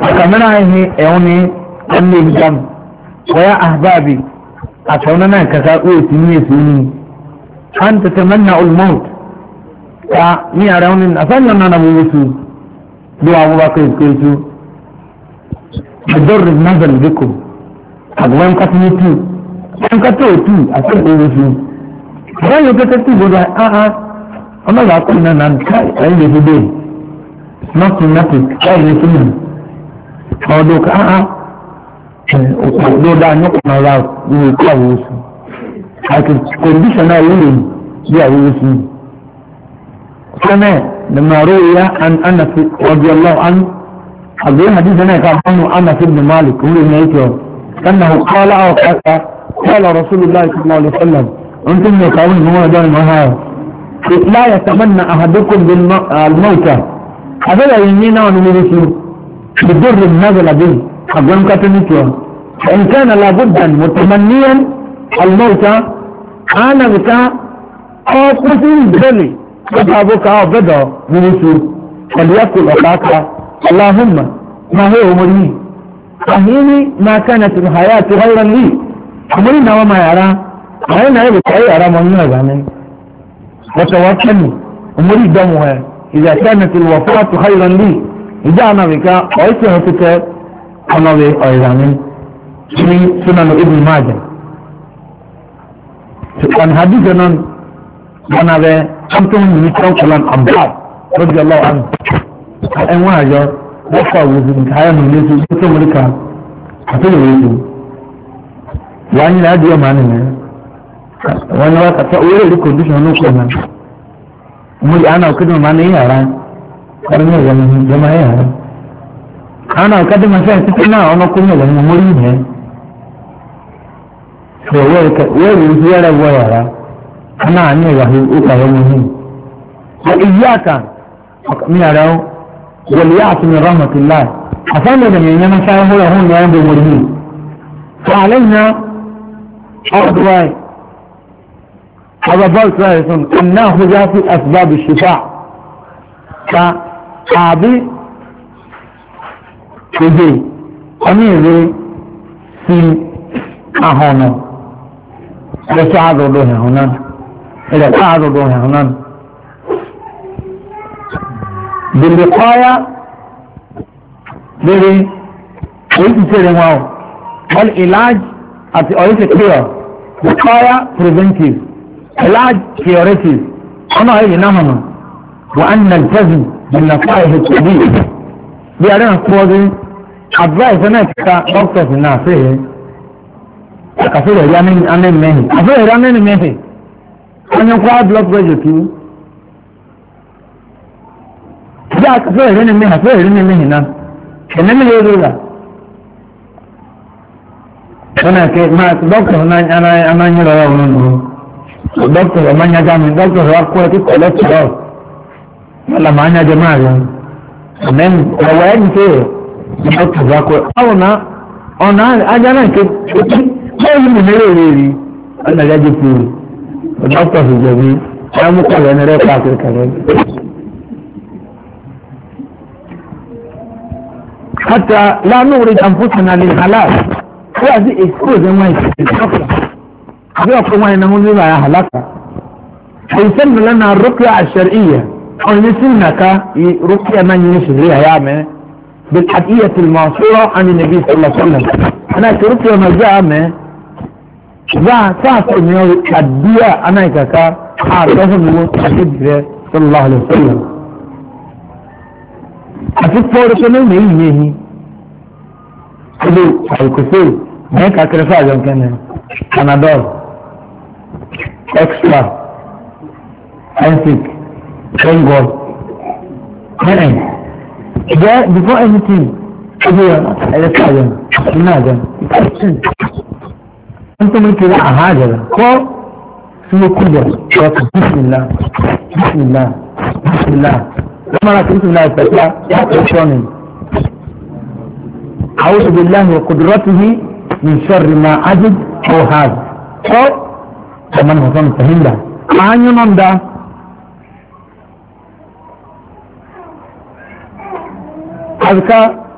kamar ainihin yawon ɗan ne gam waya ahbabi a taunana ka sa ƙoye su ne su ne an ta tamanna ulmaut ta ni a raunin a san yana na mutu zuwa mu ba ka yi kai su da dorin nazar duku a gaban kasance tu an ka to tu a kan ɗaya su ran yau ta tattu guda a'a kai a yi da su dai kai ne su ọdún káà ah, ah, òkú ló dáa ní ọkùnrin ara ìwé ikú àwọn oṣù àti kòndíṣàn náà wúlò bí àwọn oṣù sẹ́mẹ̀ ní màró ìyá anàfi ọjọ́ lọ́wọ́ an àgbéyìn àdíjẹ́ náà ká bọ́nu anàfi ibn malik wúlò ní ẹ̀kọ́ kánà kọ́lá ọ̀kọ́ta kọ́lá rasulillah sallallahu alaihi wasallam ń tún ní ọ̀kọ́ àwọn ìmọ̀ ọjọ́ ìmọ̀ ha لا يتمنى أحدكم الموتى هذا يعني نوع بضر نزل به حقهم كاتنيتيا فإن كان لابدا متمنيا الموت أنا بتاع أو قتل بلي أبوك أو بدا منسو فليقل أخاك اللهم ما هو عمري فهيني ما كانت الحياة غيرا لي أمرنا وما يرى أنا يبقى أي أرى من يرى يعني. وتوكلني عمري دمها إذا كانت الوفاة خيرا لي ìjà ànàbìká ọ̀ẹ́sì ọ̀hún ti tẹ ọ̀nàbì ọ̀ìrànmí ní sunanu ibn maja ọ̀nà hadijọ náà gbanabẹ tuntun ní tọ́kùlan abdul rọ́bì ọlọ́wọ́ àmì ẹ̀wọ̀n àjọ lọ́kọ̀ àwòsàn ní káyọ̀ ní ilé tó tó múlí ká àti ìwé ìlú wàá nyina adìyẹ màá nìyẹn wọn ni wọn kàtà owó èrè kòndíṣàn ní okòó náà mo yà á nà òkè ní màá ní yàrá yẹn. करने जमाया है खाना कदम से कितना और कौन है मुरीद है तो ये ये जिया रहा हुआ है खाना आने वाली उसका है नहीं तो इया का मैं आ रहा हूं वलियात من رحمة الله حسنا من أن ما شاء الله هون يا رب المؤمنين فعلينا أرض واي هذا بلد واي أن نأخذ في أسباب الشفاء àbí kòdè ọní ìwé sí ahọ́nà ẹ̀ṣẹ́ àròdò ẹ̀hún náà ẹ̀ṣẹ́ àròdò ẹ̀hún náà. Bèbè kọ́yá lórí oríṣiríṣi wọn wọ́n ìlàjì àti oríṣiríṣi cure kọ́yá preventive ìlàjì curative ọ̀nà ìyìn náà hàn náà. وأن نلتزم بالنصائح الطبيعية بأرنا قوضي أبراي سنك مرتف الناصيه أكثر يامين أمين مهي أفير أمين مهي أن يقع بلوك بجتو جاء أفير أمين مهي أفير أمين مهي نعم كنم يدولا أنا كي ما دكتور أنا أنا أنا يلا يلا دكتور ما نجامي دكتور أقوى تقول لك يطلع معنا يا جماعة يعني تمام روقان كده نحط زاكو او انا او انا اجي انا كده ما يهم هيرو ليلي انا جاي فول ونحطها في الجميع انا مقرر انا رايق على الكلام حتى لا نورد انفسنا للهلاك هذه اسكوز ما يستطيع هذا كما انه لا يهلك فيسن لنا الرقية الشرعية أن سنك رقية من يشري أيامه بالحقية المعصورة عن النبي صلى الله عليه وسلم أنا كرقية ما جاء أمه جاء ساسر من الحدية أنا كاكا حارسه من الحدية صلى الله عليه وسلم أفيد فورة من مين يهي كله الكسور ما كاكرفا جم كان أنا دور اكسلا أنسيك Thank God. Amen. There, before anything, everyone, I just tell them, you know them, question. Wọ́n tó mú kiri àhá àjẹrẹ kọ́ sínú kúlẹ̀ ṣọ́ọ̀tù bísìlá bísìlá bísìlá wọ́n máa ti bísìlá ìpẹ̀tà yàtọ̀ sọ́ọ̀nì. Àwọn òṣèlú láhùn ọ̀kọ̀dọ̀rọ̀tì yìí ní sọ́ọ̀rì máa ájú ọ̀hà kọ́ ọ̀mọ̀nìmọ̀tọ́ nìkan nígbà. Àányún náà ń da azkar